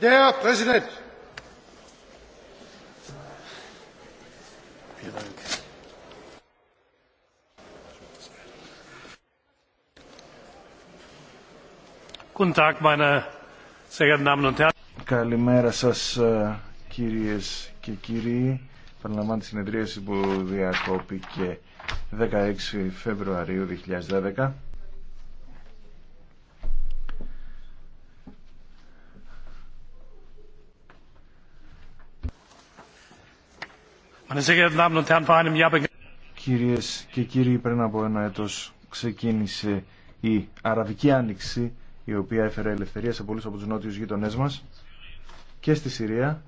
Der Präsident. Vielen Dank. Guten Tag, meine sehr geehrten Damen und Herren. Καλημέρα σας κυρίες και κύριοι. Παραλαμβάνει τη συνεδρίαση που διακόπηκε 16 Φεβρουαρίου 2010. Κυρίες και κύριοι, πριν από ένα έτος ξεκίνησε η Αραβική Άνοιξη, η οποία έφερε ελευθερία σε πολλούς από τους νότιους γείτονές μας και στη Συρία